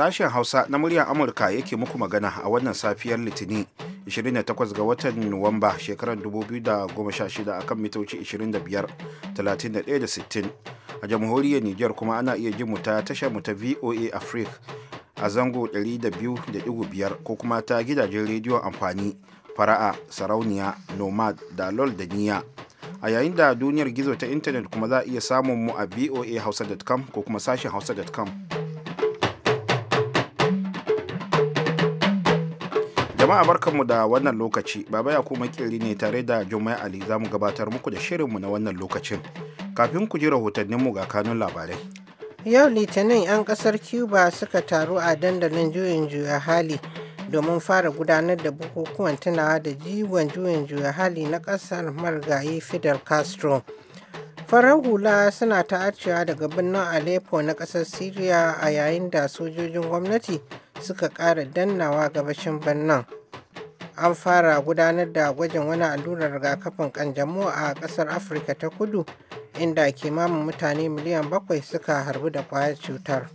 Sashen Hausa na muryar Amurka yake muku magana a wannan safiyar Litini 28 ga watan Nuwamba shekarar 2016 akan mitoci 25, 31 da A jamhuriyar Nijar kuma ana iya jin mu ta tashar mu ta VOA Africa a zango 200.5 ko kuma ta gidajen rediyon amfani fara'a sarauniya nomad da lol da niya a yayin da duniyar gizo ta intanet kuma za a iya samun mu a voa hausa.com ko kuma sashen hausa.com jama'a barkanmu da wannan lokaci baba ya kuma kiri ne tare da jummai ali za gabatar muku da shirinmu na wannan lokacin kafin ku ji rahotanninmu ga kanun labarai yau litinin 'yan kasar cuba suka taru a dandalin juyin juya hali domin fara gudanar da bukukuwan tunawa da jiwon juyin juya hali na kasar marigayi fidel castro farar hula suna ta'arcewa daga birnin aleppo na kasar syria a yayin da sojojin gwamnati suka ƙara dannawa gabashin birnin an fara gudanar da gwajin wani allurar rigakafin kanjamau a ƙasar afirka ta kudu inda kimanin mutane miliyan bakwai suka harbu da kwayar cutar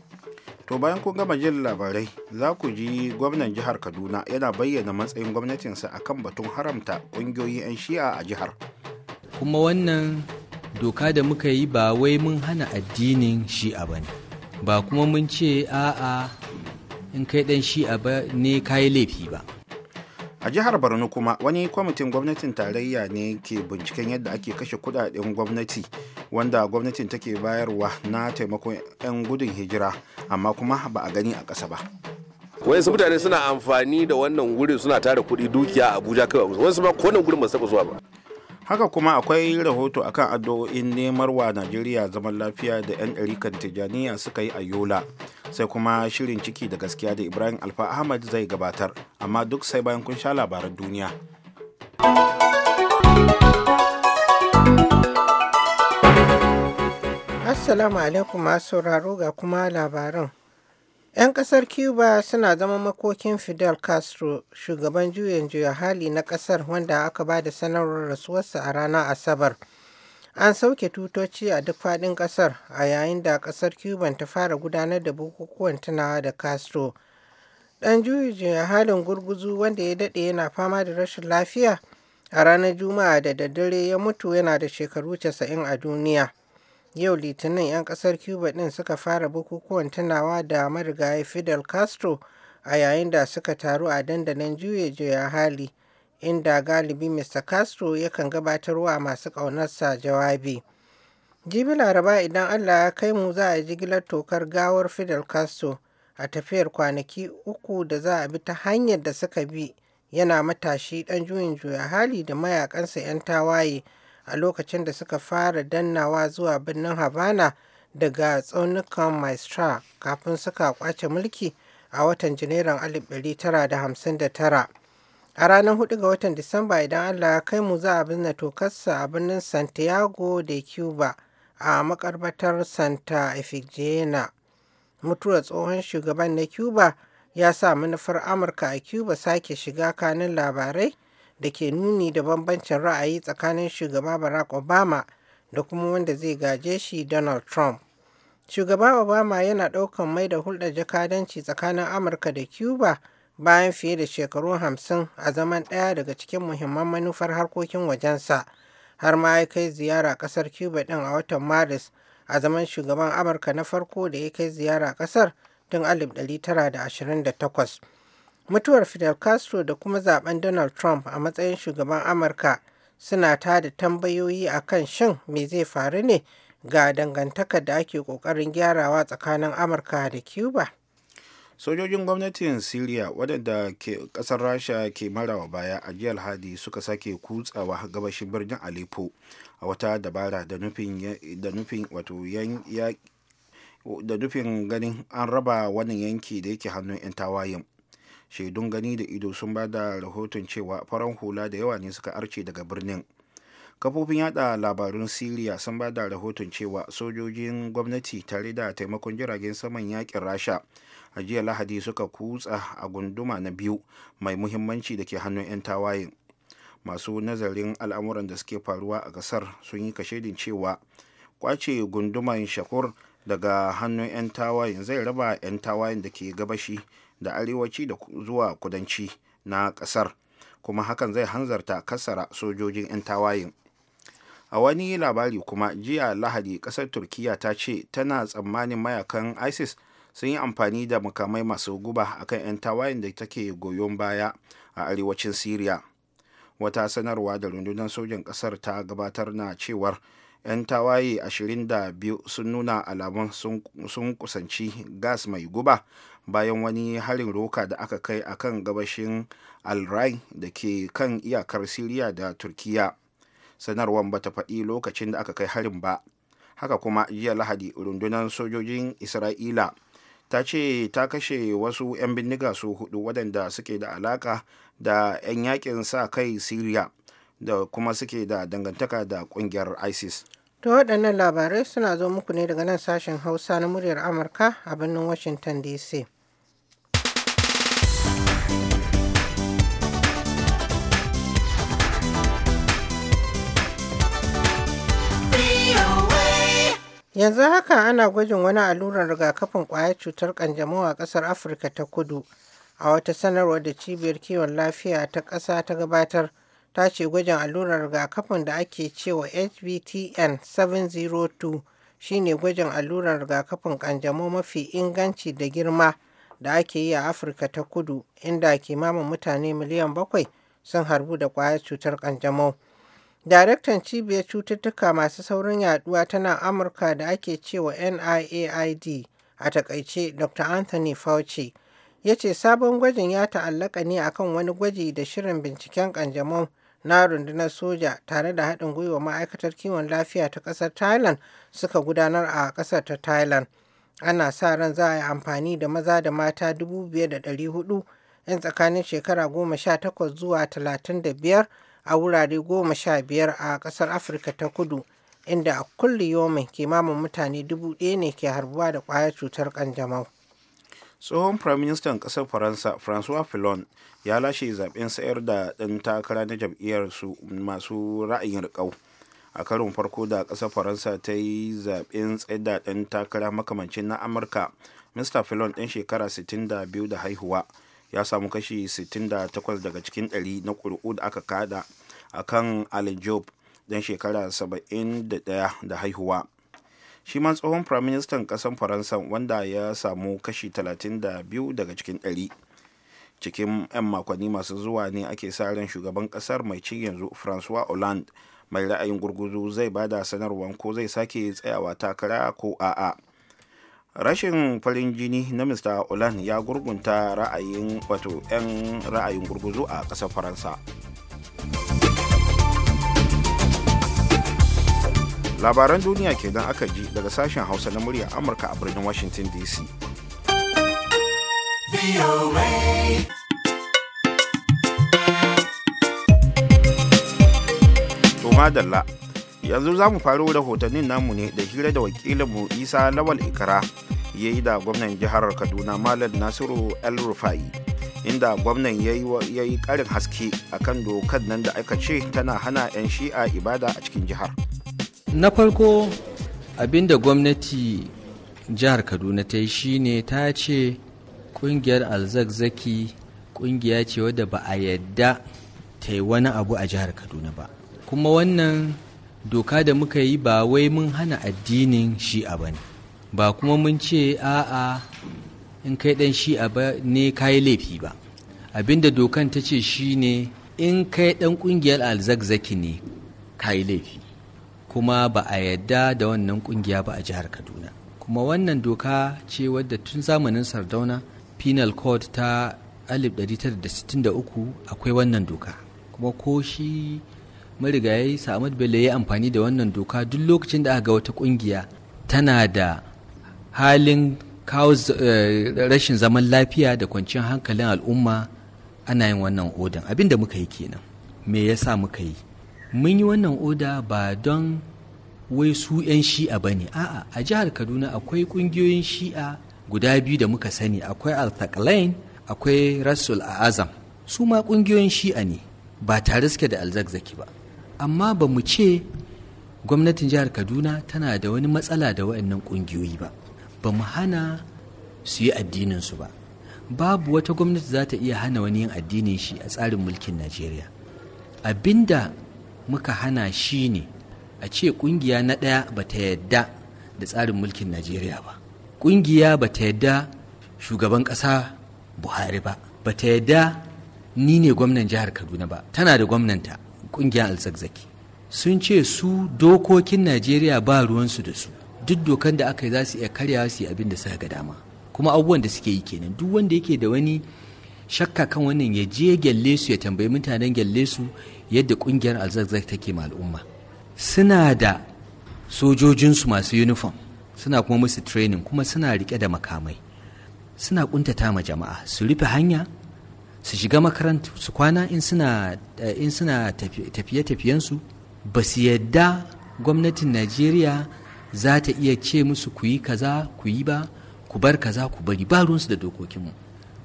to bayan kun gama jin labarai za ku ji gwamnan jihar kaduna yana bayyana matsayin gwamnatinsa a kan batun haramta ƙungiyoyin 'yan shi'a a jihar kuma wannan doka da muka yi ba wai mun hana addinin shi'a ba ne ba kuma mun ce a'a in kai dan shi'a ba ne kayi laifi ba a jihar borno kuma wani kwamitin gwamnatin tarayya ne ke binciken yadda ake kashe kudaden gwamnati wanda gwamnatin take bayarwa na taimakon 'yan gudun hijira amma kuma ba a gani a ƙasa ba wayansu mutane suna amfani da wannan wurin suna tara kuɗi dukiya abuja kawai wasu ma kowane gurin ba taɓa zuwa ba haka kuma akwai rahoto akan addu'o'in wa najeriya zaman lafiya da 'yan ɗarikan tijjaniya suka yi a yola sai kuma shirin ciki da gaskiya da ibrahim alfa ahmad zai gabatar amma duk sai bayan kun sha labaran duniya assalamu alaikum masu raro ga kuma labaran 'yan kasar cuba suna zama makokin fidel castro shugaban juyin juya hali na kasar wanda aka ba da sanarwar rasuwarsa a ranar asabar An sauke tutoci a duk faɗin ƙasar a yayin da ƙasar Cuban ta fara gudanar da bukukuwan tunawa da Castro. Ɗan a halin gurguzu wanda ya daɗe yana fama da rashin lafiya a ranar Juma'a da daddare ya mutu yana da shekaru 90 a duniya. Yau Litinin 'yan ƙasar Cuba ɗin suka fara bukukuwan tunawa da marigayi Fidel Castro a yayin da suka taru a dandalin juye juya hali. inda galibi Mr. Castro yakan gabatar wa masu ƙaunarsa jawabi. Jibi Laraba idan Allah ya kai mu za a jigilar tokar gawar Fidel Castro a tafiyar kwanaki uku da za a bi ta hanyar da suka bi yana matashi ɗan juyin juya hali da mayakansa 'yan tawaye a lokacin da suka fara dannawa zuwa birnin Havana daga tsaunukan Maestra kafin suka kwace mulki a watan Janairun 1959. A ranar 4 ga watan Disamba idan Allah ya kai mu za a binne tokarsa a birnin Santiago de Cuba a makarbatar Santa efigena Mutuwar tsohon shugaban na Cuba ya sa manufar Amurka a Cuba sake shiga kanin labarai da ke nuni da bambancin ra'ayi tsakanin shugaba Barack Obama da kuma wanda zai gaje shi Donald Trump. Shugaba Obama yana ɗaukan mai da hulɗar jakadanci tsakanin Amurka da Cuba. bayan fiye da shekaru hamsin a zaman ɗaya daga cikin muhimman manufar harkokin wajensa har ma ya kai ziyara ƙasar cuba ɗin a watan maris a zaman shugaban amurka na farko da ya kai ziyara ƙasar tun 1928 mutuwar fidel castro da kuma zaben donald trump a matsayin shugaban amurka suna ta da tambayoyi a kan shin me zai faru ne ga dangantakar da ake ƙoƙarin gyarawa tsakanin amurka da cuba sojojin gwamnatin syria wadanda kasar rasha ke marawa baya a jiya alhadi suka sake kutsawa gabashin birnin aleppo a wata dabara da nufin wato da nufin ganin an raba wannan yanki da yake hannun 'yan tawayen shaidun gani da ido sun ba da rahoton cewa farar hula da yawa ne suka arce daga birnin kafofin yada labarun siriya sun ba da rahoton cewa sojojin gwamnati tare da taimakon jiragen saman yakin rasha a jiya lahadi suka kutsa a gunduma na biyu mai muhimmanci da ke hannun 'yan tawayin masu nazarin al'amuran da suke faruwa a kasar sun yi kashedin cewa kwace gunduman shakur daga hannun 'yan tawayen zai raba 'yan tawayen da ke gabashi da arewaci da zuwa kudanci na kasar kuma hakan zai hanzarta kasara sojojin 'yan tawayen a wani labari kuma jiya lahadi kasar turkiya ta ce tana tsammanin mayakan isis sun yi amfani da makamai masu guba akan 'yan tawayen da take goyon baya a arewacin syria wata sanarwa da rundunar sojan kasar ta gabatar na cewar 'yan tawaye 22 sun nuna alamun sun kusanci gas mai guba bayan wani harin roka da aka kai akan gabashin al da ke kan iyakar siriya da turkiyya. sanarwar bata faɗi lokacin da aka kai harin ba haka kuma jiya lahadi rundunar sojojin isra'ila ta ce ta kashe wasu 'yan bindiga su hudu waɗanda suke da alaka da 'yan yakin sa kai syria da kuma suke da dangantaka da ƙungiyar isis to waɗannan labarai suna zo muku ne daga nan sashen hausa na muryar amurka a birnin washington dc Yanzu haka ana gwajin wani allurar rigakafin kwaya cutar ƙanjamau a ƙasar Afirka ta Kudu. A wata sanarwar da Cibiyar Kiwon Lafiya ta ƙasa ta gabatar, ta ce gwajin allurar rigakafin da ake cewa HBTN 702 shine gwajin allurar rigakafin ƙanjamau mafi inganci da girma da ake yi a Afirka ta Kudu, inda kimanin mutane miliyan bakwai sun harbu da kwayar cutar ƙanjamau. Daraktan Cibiyar Cututtuka Masu Saurin Yaduwa ta nan Amurka da ake cewa NIAID a takaice Dr. Anthony Fauci ya ce sabon gwajin ya ta'allaka ne akan wani gwaji da shirin binciken kanjamau na rundunar soja tare da haɗin gwiwa ma'aikatar kiwon lafiya ta ƙasar Thailand suka gudanar a ƙasar ta Thailand. Ana sa ran za a yi amfani da maza da mata dubu da ɗari hudu, 'yan tsakanin shekara goma sha takwas zuwa talatin da biyar. a wurare goma sha biyar a kasar Afirka ta kudu inda a kulli yomin kimamin mutane dubu ɗaya ne ke harbuwa da ƙwayar cutar kanjamau. tsohon firaministan ƙasar faransa francois fillon ya lashe zaben sayar da ɗan takara na jam'iyyar su masu ra'ayin rikau a karin farko da ƙasar faransa ta yi zaben tsayar da ɗan takara makamancin na amurka mr fillon ɗan shekara 62 da haihuwa ya samu kashi 68 daga cikin 100 na ƙuri'u da aka kada a kan Alin Job don shekara 71 da haihuwa. Shi ma tsohon firaministan ƙasar Faransa wanda ya samu kashi 32 daga cikin 100. Cikin 'yan makonni masu zuwa ne ake sa ran shugaban ƙasar mai cin yanzu Francois Hollande mai ra'ayin gurguzu zai bada sanarwar ko zai sake tsayawa takara ko a'a. rashin farin jini na mr olan ya gurgunta ra'ayin wato 'yan ra'ayin gurguzu a ƙasar faransa labaran duniya kenan aka ji daga sashen hausa na murya amurka a birnin washington dc madalla yanzu za mu da rahotannin namu ne da hira da wakilinmu isa lawal ikra ya yi da gwamnan jihar kaduna malam nasiru el rufai inda gwamnan ya yi karin haske a kan dokar nan da aka ce tana hana 'yan shi'a ibada a cikin jihar na farko abinda gwamnati jihar kaduna ta yi shine ta ce kungiyar alzakzaki kungiya ce wadda ba a yadda ta yi wani abu a jihar kaduna ba kuma wannan doka da muka yi ba wai mun hana addinin shi'a ba ne ba kuma mun ce a'a in kai dan a ba ne kayi laifi ba abinda dokan ta ce shi ne in kai dan kungiyar alzakzaki ne kayi laifi kuma ba a yadda da wannan kungiya ba a jihar kaduna kuma wannan doka ce wadda tun zamanin sardauna penal code ta 1963 akwai wannan doka kuma ko shi marigayi sa'amad bello ya amfani da wannan doka duk lokacin da aka ga wata kungiya tana da halin kawo eh, rashin zaman lafiya da kwanciyar hankalin al'umma ana yin wannan odin, abin da muka yi kenan me ya sa muka yi mun yi wannan oda ba don wai su 'yan shi'a ba ne a'a a jihar kaduna akwai ƙungiyoyin shi'a guda biyu da muka sani akwai althakalain akwai rasul azam su ma ƙungiyoyin shi'a ne ba tare suke da alzakzaki ba amma ba mu ce gwamnatin jihar kaduna tana da wani matsala da waɗannan ƙungiyoyi ba ba mu hana su yi addininsu ba babu wata gwamnati za ta iya hana wani yin addinin shi a tsarin mulkin najeriya abinda muka hana shi ne a ce kungiya na ɗaya ba ta yadda da tsarin mulkin najeriya ba kungiya ba ta yadda shugaban ƙasa buhari ba ba ta yadda ni ne gwamnan jihar kaduna ba tana da gwamnanta kungiyar alzakzaki sun ce su dokokin najeriya ba ruwansu da su duk dokan da aka yi za su iya karya su yi abin da suka ga dama kuma abubuwan da suke yi kenan duk wanda yake da wani shakka kan wannan ya je gyalle su ya tambayi mutanen gyalle su yadda kungiyar alzazzak take ma al'umma suna da sojojinsu masu uniform suna kuma musu training kuma suna rike da makamai suna kuntata ma jama'a su rufe hanya su shiga makaranta su kwana in suna eh, in suna tafiye-tafiyensu ba su yadda gwamnatin najeriya za ta iya ce musu ku yi kaza ku yi ba ku bar kaza ku bari ba ruwansu da dokokinmu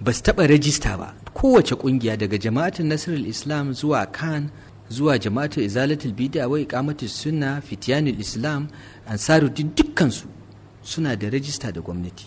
ba su taɓa rajista ba kowace ƙungiya daga jama'atin Nasaral islam zuwa kan zuwa jama'atin izalatul bid'a wai kamata sunna fitiyanul islam ansaruddin dukkansu suna da rajista da gwamnati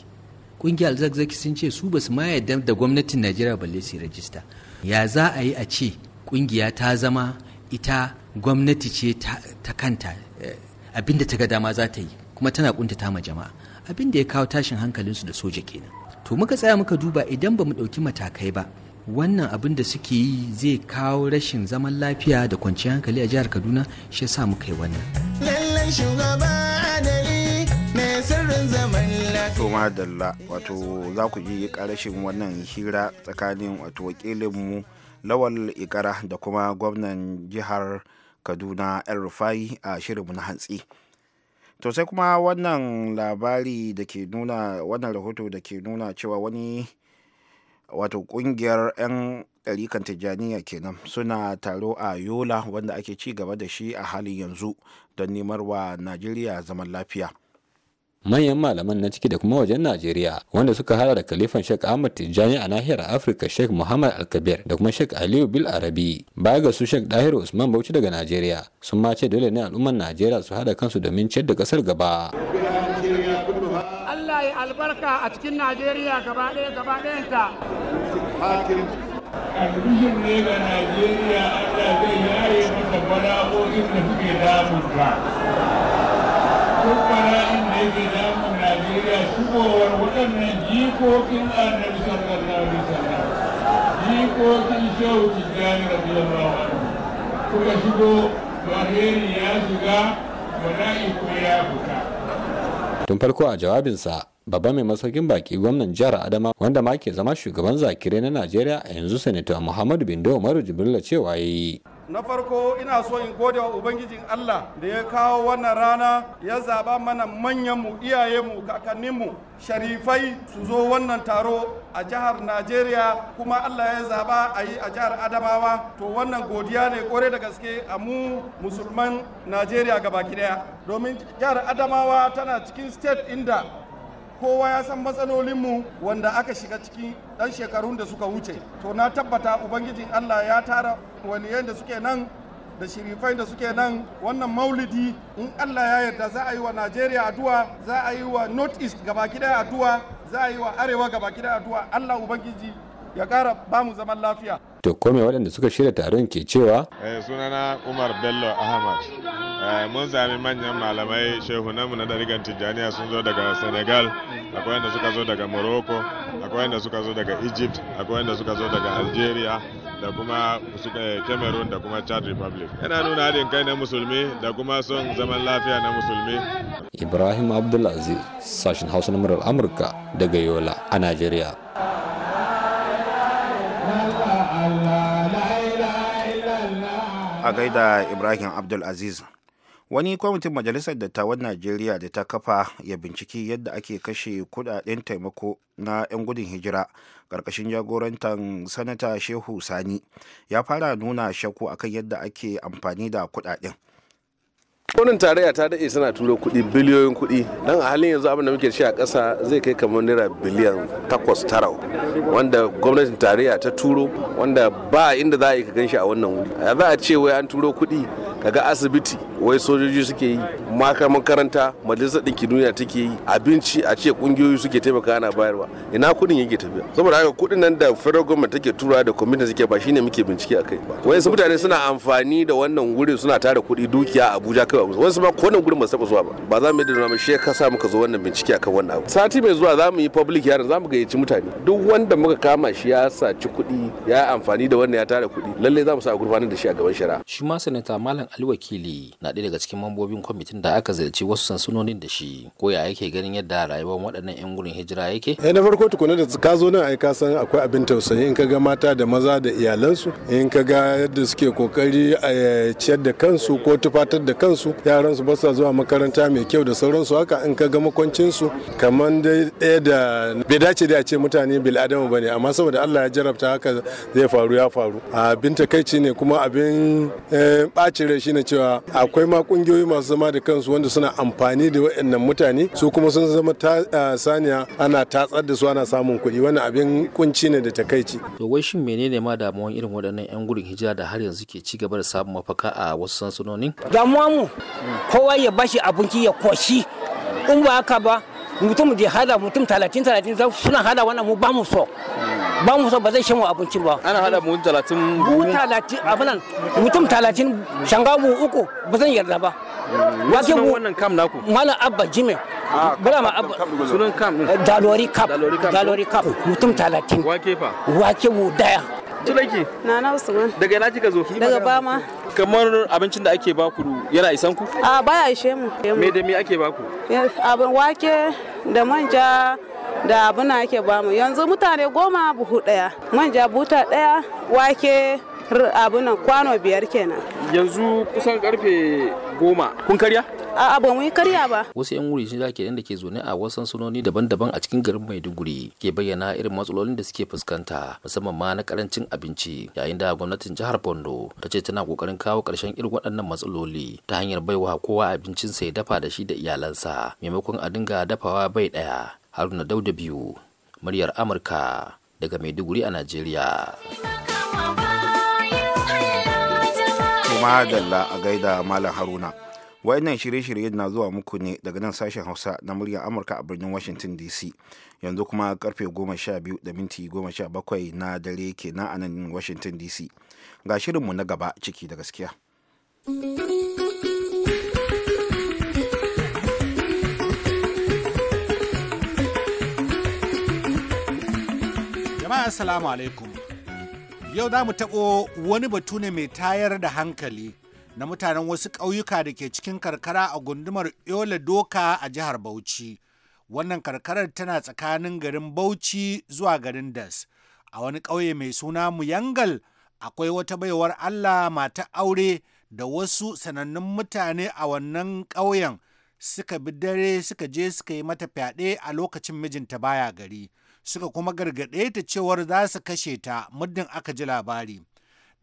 Ƙungiyar alzakzaki sun ce su basu ma yarda da gwamnatin Najeriya balle su rajista ya za a yi a ce ƙungiya ta zama ita gwamnati ce ta kanta eh, abin da ta ga dama za ta yi kuma tana kuntata ma jama'a abin da ya kawo tashin hankalinsu da soja kenan to muka tsaya muka duba idan ba mu ɗauki matakai ba wannan abin da suke yi zai kawo rashin zaman lafiya da kwanciyar hankali a jihar kaduna shi sa muka yi wannan lallai shugaba adali sirrin wato za ku ji karashin wannan hira tsakanin wato wakilinmu lawal ikara da kuma gwamnan jihar kaduna yan rufai a shirinmu na hantsi to sai kuma wannan labari da ke nuna wannan rahoto da ke nuna cewa wani wato kungiyar 'yan ɗarikan tijjaniya kenan suna taro a yola wanda ake ci gaba da shi a halin yanzu don nemarwa wa najeriya zaman lafiya manyan malaman na ciki da kuma wajen Najeriya wanda suka hada da kalifan Sheikh Ahmad Tijjani a nahiyar Afirka Sheikh Muhammad Alkabir da kuma Sheikh Aliyu Bil Arabi baya ga su Sheikh Dahiru Usman Bauchi daga Najeriya sun ma ce dole ne al'ummar Najeriya su hada kansu domin ciyar da kasar gaba. Allah ya albarka a cikin Najeriya gaba ɗaya gaba ɗayanta. Alhijin ne ga Najeriya Allah zai bala'o'in da suke damunta. duk bala'in da yake damun Najeriya shigowar waɗannan jikokin annabi sallallahu alaihi wasallam jikokin shehu tijjani radiyallahu anhu suka shigo alheri ya shiga bala'i kuma ya fita tun farko a jawabinsa babba mai masaukin baki gwamnan jihar adama wanda ma ke zama shugaban zakire na najeriya a yanzu sanata muhammadu bindo umaru jibrila cewa ya yi na farko ina so in gode wa ubangijin Allah da ya kawo wannan rana ya zaba mana manyan manyanmu iyayenmu kakanninmu sharifai su zo wannan taro a jihar Najeriya kuma Allah ya zaba a yi a jihar Adamawa to wannan godiya ne kore da gaske a mu musulman Najeriya gaba daya domin jihar Adamawa tana cikin state inda kowa ya san matsalolinmu wanda aka shiga cikin ɗan shekarun da suka wuce to na tabbata ubangiji allah ya tara waliyan da suke nan da shirifai da suke nan wannan maulidi in allah ya yarda za a yi wa najeriya addu'a za a yi wa north east gabaki daya addu'a za a yi wa arewa gabaki daya addu'a allah ubangiji ya kara ba zaman lafiya to kome waɗanda suka shirya taron ke cewa eh, sunana umar bello ahmad eh, mun sami manyan malamai shehunanmu na darigan tijjaniya sun zo daga senegal akwai wanda suka zo daga morocco akwai wanda suka zo daga egypt akwai wanda suka zo daga algeria da kuma eh, cameroon da kuma chad republic yana nuna haɗin kai na musulmi da kuma son zaman lafiya na musulmi ibrahim abdulaziz sashen hausa na murar amurka daga yola a Najeriya. a gaida ibrahim abdulaziz wani kwamitin majalisar dattawan najeriya da ta kafa ya binciki yadda ake kashe kudaden taimako na 'yan gudun hijira karkashin jagorantar sanata shehu sani ya fara nuna shakku akan yadda ake amfani da kudaden Gwamnatin tarayya ta daɗe suna turo kuɗi biliyoyin kuɗi don a halin yanzu abin da muke shi a ƙasa zai kai kamar naira biliyan takwas tara wanda gwamnatin tarayya ta turo wanda ba inda za a yi ka gan a wannan wuri. A za a ce wai an turo kuɗi kaga asibiti wai sojoji suke yi maka makaranta majalisar ɗinki duniya take yi abinci a ce ƙungiyoyi suke taimaka ana bayarwa ina kuɗin yake tafiya saboda haka kuɗin nan da federal government take tura da committee suke ba shine muke bincike akai ba su mutane suna amfani da wannan wurin suna tara kuɗi dukiya a Abuja kawai wasu ma ko nan gurin ba saba zuwa ba ba za mu yi da shi ka sa muka zo wannan bincike akan wannan abu sati mai zuwa za mu yi public yaron za mu gayyaci mutane duk wanda muka kama shi ya saci kuɗi ya amfani da wannan ya tara kuɗi lalle za mu sa a gurfanar da shi a gaban shari'a shi ma sanata malam ali wakili na ɗaya daga cikin mambobin kwamitin da aka ziyarci wasu sansunonin da shi ko ya yake ganin yadda rayuwar waɗannan 'yan gurin hijira yake eh na farko tukuna da ka zo nan ai ka san akwai abin tausayi in ka ga mata da maza da iyalansu in ka ga yadda suke kokari a ciyar da kansu ko tufatar da kansu su yaran su basa zuwa makaranta mai kyau da sauransu haka in ka ga makwancin su kamar dai ɗaya da bai dace da a ce mutane bil ba bane amma saboda Allah ya jarabta haka zai faru ya faru abin takaici ne kuma abin bacin eh, rai shine cewa akwai ma kungiyoyi masu zama da kansu wanda suna amfani da waɗannan mutane su kuma sun zama saniya ana tatsar da su ana samun kuɗi wani abin kunci ne da takaici to wai shin menene ma damuwan irin waɗannan yan gudun hijira da har yanzu ke ci gaba da samun mafaka a wasu sansanonin damuwa mu kowa ya bashi abinci ya koshi in ba haka ba mutum da hada mutum talatin talatin suna hada wannan mu ba mu so ba mu so ba zai wa abinci ba ana hada mu talatin mu talatin abinan mutum talatin shanga mu uku ba zan yarda ba mm. wake mu wannan kam naku malam abba jime ah, bala ma abba sunan kam dalori kap dalori kap mutum talatin wake fa wake mu daya tunaki na usman daga ina kika zo daga bama kamar abincin da ake baku yana isan ku a baya ishe mu me da me ake baku abin wake da manja da abuna ake mu yanzu mutane goma buhu daya manja buta daya wake abin kwano biyar kenan yanzu kusan karfe goma kun karya a'a ban yi karya ba wasu yan wuri da ke da ke zaune a wasu sansanoni daban-daban a cikin garin Maiduguri ke bayyana irin matsalolin da suke fuskanta musamman ma na karancin abinci yayin da gwamnatin jihar Bondo ta ce tana kokarin kawo karshen irin waɗannan matsaloli ta hanyar baiwa kowa abincin sai dafa da shi da iyalansa maimakon a dinga dafawa bai ɗaya Haruna Dauda biyu muryar Amurka daga Maiduguri a Najeriya. Kuma dalla a gaida Malam Haruna. wayannan shirye-shirye na zuwa muku ne daga nan sashen hausa na muryar amurka a birnin washington dc yanzu kuma karfe 12 da minti 17 na dare ke a nan washington dc ga shirinmu na gaba ciki da gaskiya jama'a assalamu alaikum yau za mu taɓo wani batu ne mai tayar da hankali na mutanen wasu ƙauyuka da ke cikin karkara a gundumar Yola Doka a jihar Bauchi. Wannan karkarar tana tsakanin garin Bauchi zuwa garin Das. A wani ƙauye mai suna Muyangal akwai wata baiwar Allah mata aure da wasu sanannun mutane a wannan ƙauyen suka bi dare suka je suka yi mata fyaɗe a lokacin mijinta baya gari. Suka kuma gargaɗe ta cewar za su kashe ta muddin aka ji labari.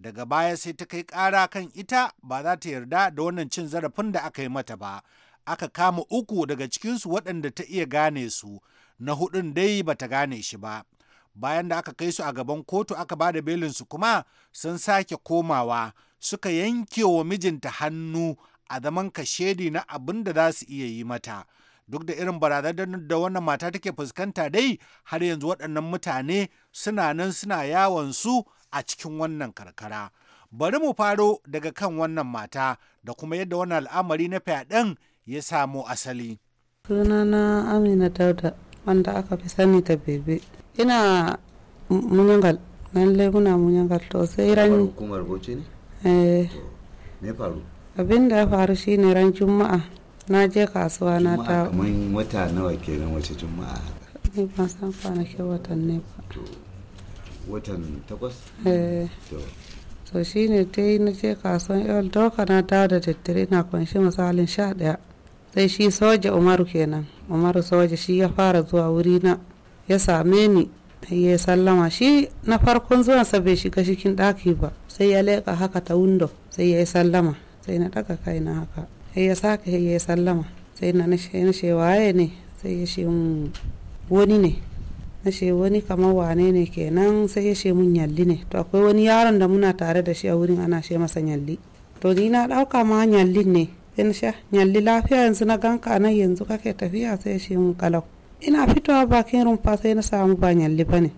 daga baya sai ta kai ƙara kan ita ba za ta yarda da wannan cin zarafin da aka yi mata ba aka kama uku daga cikinsu waɗanda ta iya gane su na hudun dai ba ta gane shi ba bayan da aka kai su a gaban kotu aka ba da su kuma sun sake komawa suka yanke wa mijinta hannu a zaman kashedi na abin da za su iya yi mata duk da irin barazanar da wannan mata take fuskanta dai har yanzu waɗannan mutane suna nan suna yawon su a cikin wannan karkara. Bari mu faro daga kan wannan mata da kuma yadda wannan al'amari na fyaɗen ya samo asali. Sunana Amina Dauda wanda aka fi sani da bebe. Ina munyangal, nan muna munyangal to sai ran. Hukumar Bauchi ne? Eh. Me faru? Abin da ya faru shine ran Juma'a. Na je kasuwa na ta. Kamar wata nawa kenan wace Juma'a? Ni ban san kwanakin ne ba. watan takwas eh. to shi ne ta yi na je kasuwan yawal doka na dawo da daddare na kunshi misalin sha daya sai shi soja umaru kenan umaru soja shi ya fara zuwa wuri na ya same ni ya sallama shi na farkon zuwan sa bai shiga cikin daki ba sai ya leka haka ta windo sai ya sallama sai na kai kaina haka sai ya sake ya sallama sai na nashe waye ne sai ya shi wani ne na ce wani kamar wane ne kenan sai ya ce mun yalli ne to akwai wani yaron da muna tare da shi a wurin ana ce masa yalli to ni na ɗauka ma yallin ne in sha ah, yalli lafiya yanzu na ganka nan yanzu kake tafiya sai ya ce mun kalau ina fitowa bakin rumfa sai na samu ba yalli ba ne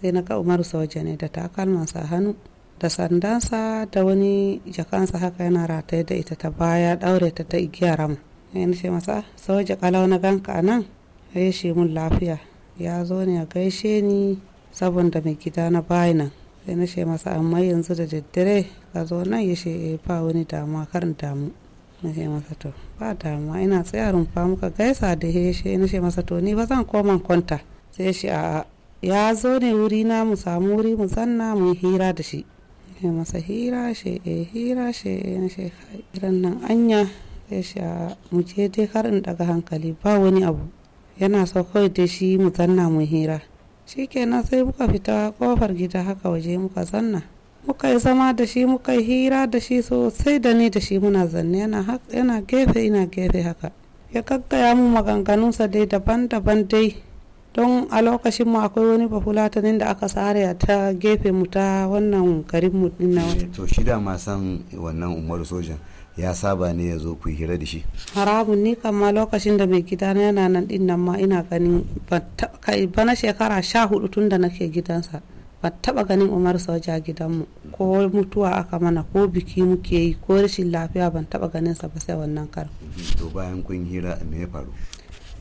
sai na ga umaru soja ne da takalmansa hannu da sandansa da wani jakansa haka yana rataye da ita ta baya daure ta ta igiyar rama ya ce masa ah, soja kalau na ganka nan ya shi mun lafiya ya zo ne a gaishe ni saboda mai gida na nan. sai na ce masa amma yanzu da daddare ka zo nan ya ce eh ba wani damuwa karin damu na ce masa to ba damuwa ina tsaya rumfa muka gaisa da ya ce na ce masa to ni ba zan koma kwanta sai shi a ya zo ne wuri na mu samu wuri mu zanna mu yi hira da shi ya masa hira she e hira she na shi irin nan anya sai shi a mu je dai karin daga hankali ba wani abu yana kawai da shi mu zanna mu hira shi kenan sai muka fita kofar gida haka waje muka zanna muka yi zama da shi muka yi hira da shi sosai da ni da shi muna zanne yana gefe ina gefe haka ya gaggaya mu maganganunsa dai daban-daban dai don a lokacin mu akwai wani bafulata da aka tsara ta gefe mu ta wannan garin mu dinna to shida ma san wannan umaru sojan ya saba ne ya zo ku hira da shi harabun ni kama lokacin da mai gida na yana nan din nan ma ina ganin ba na shekara sha hudu tun da nake gidansa ba taba ganin umar soja gidanmu ko mutuwa aka mana ko biki muke yi ko rashin lafiya ban taba ganin sa ba sai wannan kar to bayan kun hira me ya faru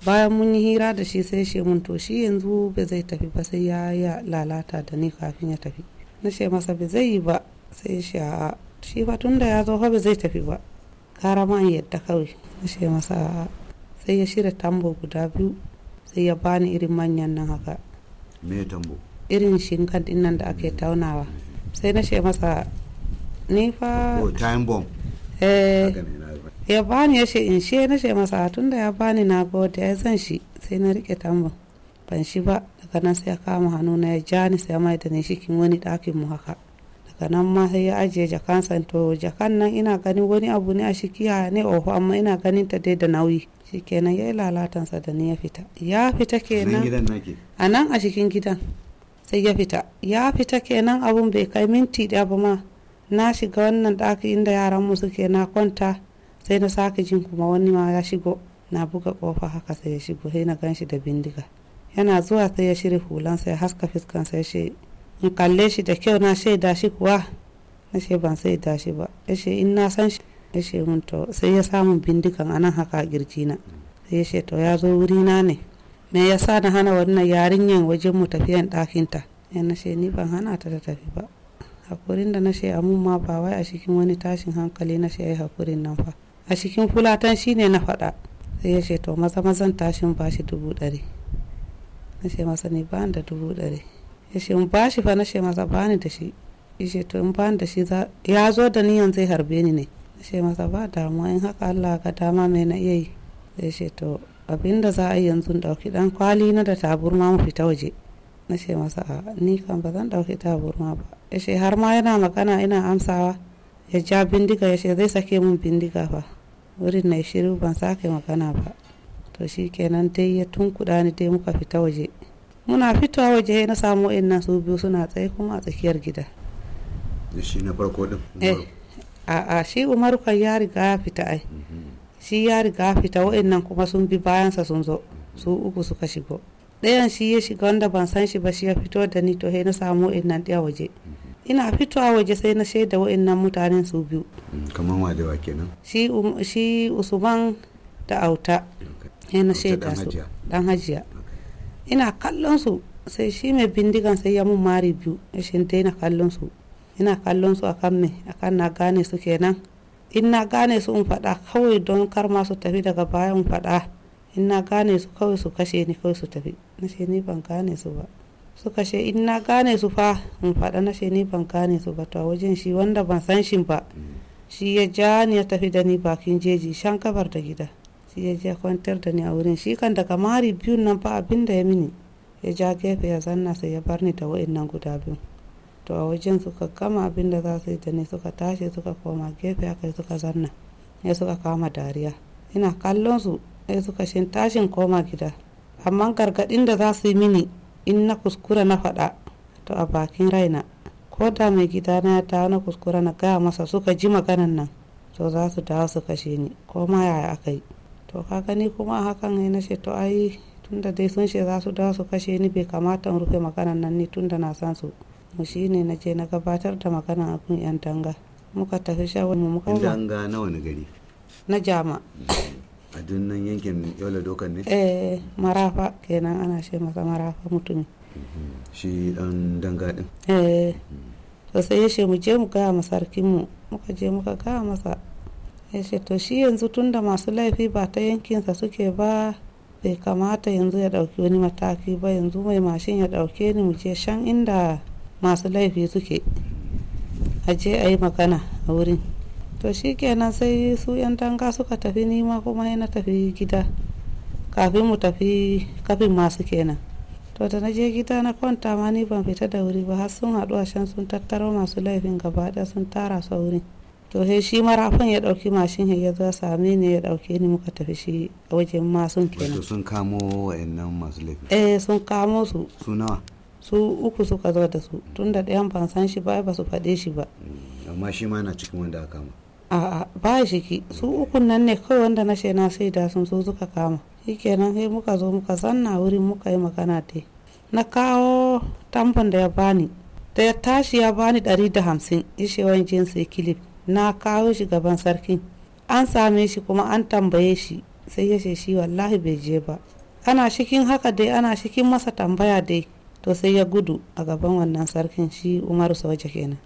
bayan mun yi hira da shi sai shi mun to shi yanzu ba zai tafi ba sai ya lalata da ni kafin ya tafi na ce masa ba zai yi ba sai shi a shi fa tun da ya zo fa ba zai tafi ba gara ma an yadda kawai na masa sai ya shirya tambo guda biyu sai ya bani irin manyan nan haka me tambo irin shinkan din nan da ake mm. taunawa sai na shi masa ni fa oh, time bomb eh ya bani ya shi in shi na shi masa tun da ya bani na gode ya zan shi sai na rike tambo ban shi ba daga nan sai ya kama hannu na ya ja ni sai ya mai da ni kin wani ɗakin mu haka daga nan ma sai ya ajiye jakansa to jakan nan ina ganin wani abu ne a shikiya ne oho amma ina ganin ta dai da nauyi shikenan ya yi sa da ni ya fita ya fita kenan a nan a cikin gidan sai ya fita ya fita kenan abun bai kai minti da ba ma na shiga wannan daki inda yaran mu suke na kwanta sai na sake jin kuma wani ma ya shigo na buga kofa haka sai ya shigo sai na gan shi da bindiga yana zuwa sai ya shirya hulansa ya haska fiskansa ya ce in kalle shi da kyau na shaida shi kuwa na ce ban shaida shi ba ya ce in na san shi ya ce mun to sai ya samu bindigan anan haka girji na sai ya ce to ya zo wuri na ne me ya sa na hana wannan yarinyan wajen mu tafiyan ɗakinta ya na ce ni ban hana ta ta tafi ba hakurin da na ce mun ma ba wai a cikin wani tashin hankali na ce ai hakurin nan fa a cikin fulatan shi ne na faɗa sai ya ce to maza mazan tashin bashi dubu ɗari na ce masa ni ba da dubu ɗari ya ce in ba shi fa na ce masa ba ni da shi ya ce to in ba ni da shi ya zo da niyan zai harbe ni ne na ce masa ba damuwa in haka Allah ka dama mai na iya yi ya ce to abin da za a yi yanzu ɗauki ɗan kwali na da taburma mu fita waje na ce masa a ni kan ba zan ɗauki taburma ba ya ce har ma yana magana ina amsawa ya ja bindiga ya ce zai sake mun bindiga fa wurin na shiru ban sake magana ba to shi kenan dai ya tunkuɗa ni dai muka fita waje muna fitowa waje na samu na su biyu suna tsaye kuma a tsakiyar gida da shi na farko din eh, a shi Umar ka ya riga ya fita ai mm-hmm. shi ya riga ya fita wa'annan kuma sun bi bayansa sun zo mm-hmm. su uku suka shigo ɗayan shi ya shiga wanda ban san shi ba shi ya fito da ni to na samu wa'annan ɗaya waje mm-hmm. ina fitowa waje sai na shaida wa'annan mutanen su biyu mm, kamar wa dawa kenan um, shi usman da auta he na shaida su dan hajiya ina kallon su sai shi mai bindigan sai ya mun mari biyu ya shinta ina kallon su ina kallon su akan me akan na gane su kenan in na gane su in faɗa kawai don kar ma su tafi daga bayan faɗa in na gane su kawai su kashe ni kawai su tafi na ce ni ban gane su ba su kashe in na gane su fa in faɗa na ce ni ban gane su ba to wajen shi wanda ban san shi ba mm. shi ya ja ni ya tafi da ni bakin jeji shan gabar da gida ya je kwantar da ni a wurin shi kan daga mari biyun nan fa abin da ya mini ya ja gefe ya zanna sai ya bar ni da wa'innan guda biyu to a wajen suka gama abin da za su yi da ni suka tashi suka koma gefe aka suka zanna ya suka kama dariya ina kallon su sai suka shin tashin koma gida amma gargadin da za su yi mini in na kuskura na faɗa to a bakin raina ko da mai gida na ya dawo na kuskura na gaya masa suka ji maganan nan to za su dawo su kashe ni ko ma yaya aka yi to ka gani kuma hakan ne na ce to ai tunda dai sun ce za su da su kashe ni bai kamata in rufe maganan nan ni tunda na san su mu shi ne na je na gabatar da maganan abin yan danga muka tafi shawar mu muka danga na wani gari na jama a dunnan yankin yola dokan ne eh marafa kenan ana ce masa marafa mutumi mhm. shi dan danga din eh sai ya ce mu je mu ga masarkin mu muka je muka ga masa ya to shi yanzu tunda masu laifi ba ta yankinsa suke ba bai kamata yanzu ya ɗauki wani mataki ba yanzu mai mashin ya ɗauke ni mu je shan inda masu laifi suke a je a yi magana a wurin to shi kenan sai su 'yan tanga suka tafi nima kuma yana tafi gida kafin mu tafi kafin masu kenan to da na je gida na kwanta ma ni ban fita da wuri ba har sun haɗu a shan sun tattaro masu laifin gaba sun tara su wurin to sai shi marafan ya dauki mashin ya zo same ni ya dauke ni muka tafi shi wajen masun kenan wato sun kamo wayannan masu laifi eh sun kamo su su nawa su uku suka zo da su tunda dayan ban san shi ba ba su fade shi ba mm, amma shi ma na cikin wanda aka kama a'a ba shi su uku nan ne kawai wanda na shena sai da sun so suka kama shikenan sai muka zo muka zanna wurin muka yi magana te na kawo tambon da ya bani da ya tashi ya bani ɗari da hamsin ishewan jinsi kilif na kawo shi gaban sarkin an same shi kuma an tambaye shi sai ya ce shi wallahi bai je ba ana shikin haka dai ana cikin masa tambaya dai to sai ya gudu a gaban wannan sarkin shi umaru soja kenan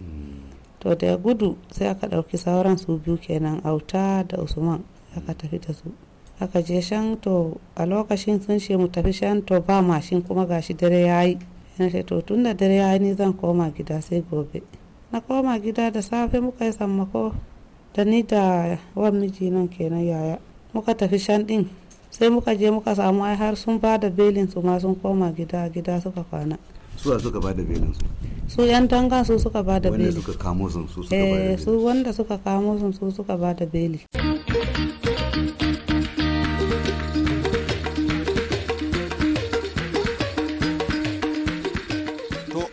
to da ya gudu sai aka ɗauki sauran su biyu kenan auta da usman aka tafi da su aka je shan to a lokacin sun ce mu tafi shan to ba mashin kuma gashi dare ya yi yana ce to tun da dare ya yi ni zan koma gida sai gobe na koma gida da safe muka yi sammako da ni da wan nan kenan yaya muka tafi shan din sai muka je muka samu ai har sun ba da belin su ma sun koma gida gida suka kwana su a suka ba da belin su su yan tanga su suka ba da belin wanda suka kamo su suka ba da eh, belin su wanda suka kamo su suka ba da belin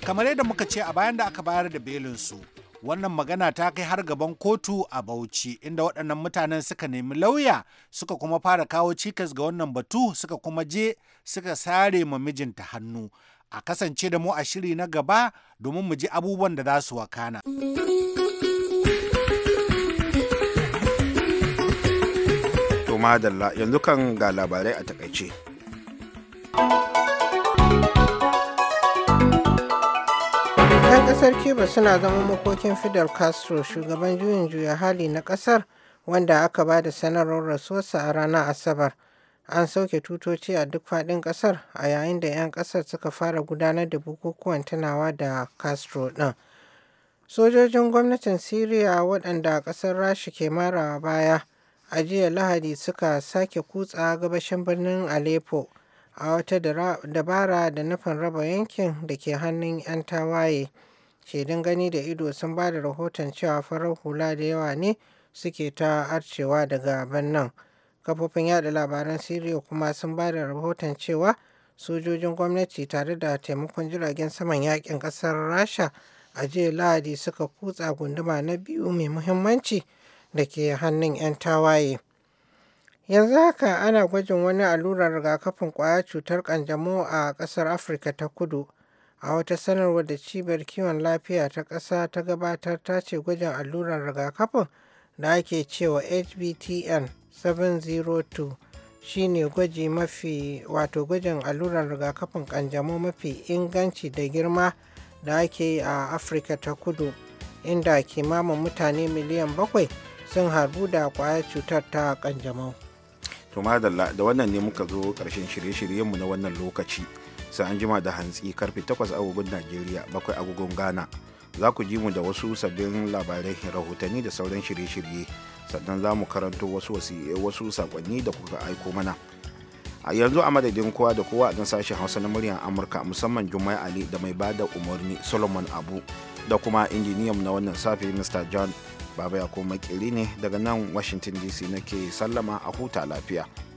kamar yadda muka ce a bayan da aka bayar da belinsu wannan magana ta kai har gaban kotu a bauchi inda waɗannan mutanen suka nemi lauya suka kuma fara kawo cikas ga wannan batu suka kuma je suka sare ma mijinta hannu a kasance da mu a shiri na gaba domin mu ji abubuwan da za su wakana. yanzu kan ga labarai a takaice. shugaban kasar Cuba suna zama makokin Fidel Castro shugaban juyin juya hali na kasar wanda aka ba da sanarwar rasuwarsa a ranar Asabar. An sauke tutoci a duk faɗin ƙasar a yayin da 'yan ƙasar suka fara gudanar da bukukuwan tunawa da Castro ɗin. Sojojin gwamnatin Siriya waɗanda ƙasar rashi ke marawa baya a jiya Lahadi suka sake kutsa gabashin birnin Aleppo a wata dabara da nufin raba yankin da ke hannun 'yan tawaye shaidun gani da ido sun ba da rahoton cewa farar hula da yawa ne suke ta arcewa daga birnin kafofin yada labaran siriya kuma sun ba da rahoton cewa sojojin gwamnati tare da taimakon jiragen saman yakin kasar rasha a jiya lahadi suka kutsa gunduma na biyu mai muhimmanci da ke hannun 'yan tawaye Yanzu haka ana gwajin wani allurar rigakafin kwayar cutar ƙanjamau a ƙasar Afirka ta Kudu. A wata sanarwar da Cibiyar Kiwon Lafiya ta ƙasa ta gabatar ta ce gwajin allurar rigakafin da ake cewa HBTN 702 shine gwaji mafi wato gwajin allurar rigakafin ƙanjamau mafi inganci da girma da ake yi a Afirka ta Kudu inda kimanin mutane miliyan bakwai sun harbu da kwayar cutar ta ƙanjamau. to madalla da wannan ne muka zo karshen shirye-shiryenmu na wannan lokaci sai an jima da hantsi karfe 8 agogon najeriya bakwai agogon ghana za ku ji mu da wasu sabbin labarai rahotanni da sauran shirye-shirye sannan za mu karanto wasu wasu sakonni da kuka aiko mana a yanzu a madadin kowa da kowa a sashen hausa na muryar amurka musamman jumai ali da mai bada umarni solomon abu da kuma injiniyan na wannan safe mr john baba ya ko makiri ne daga nan washington dc nake sallama a huta lafiya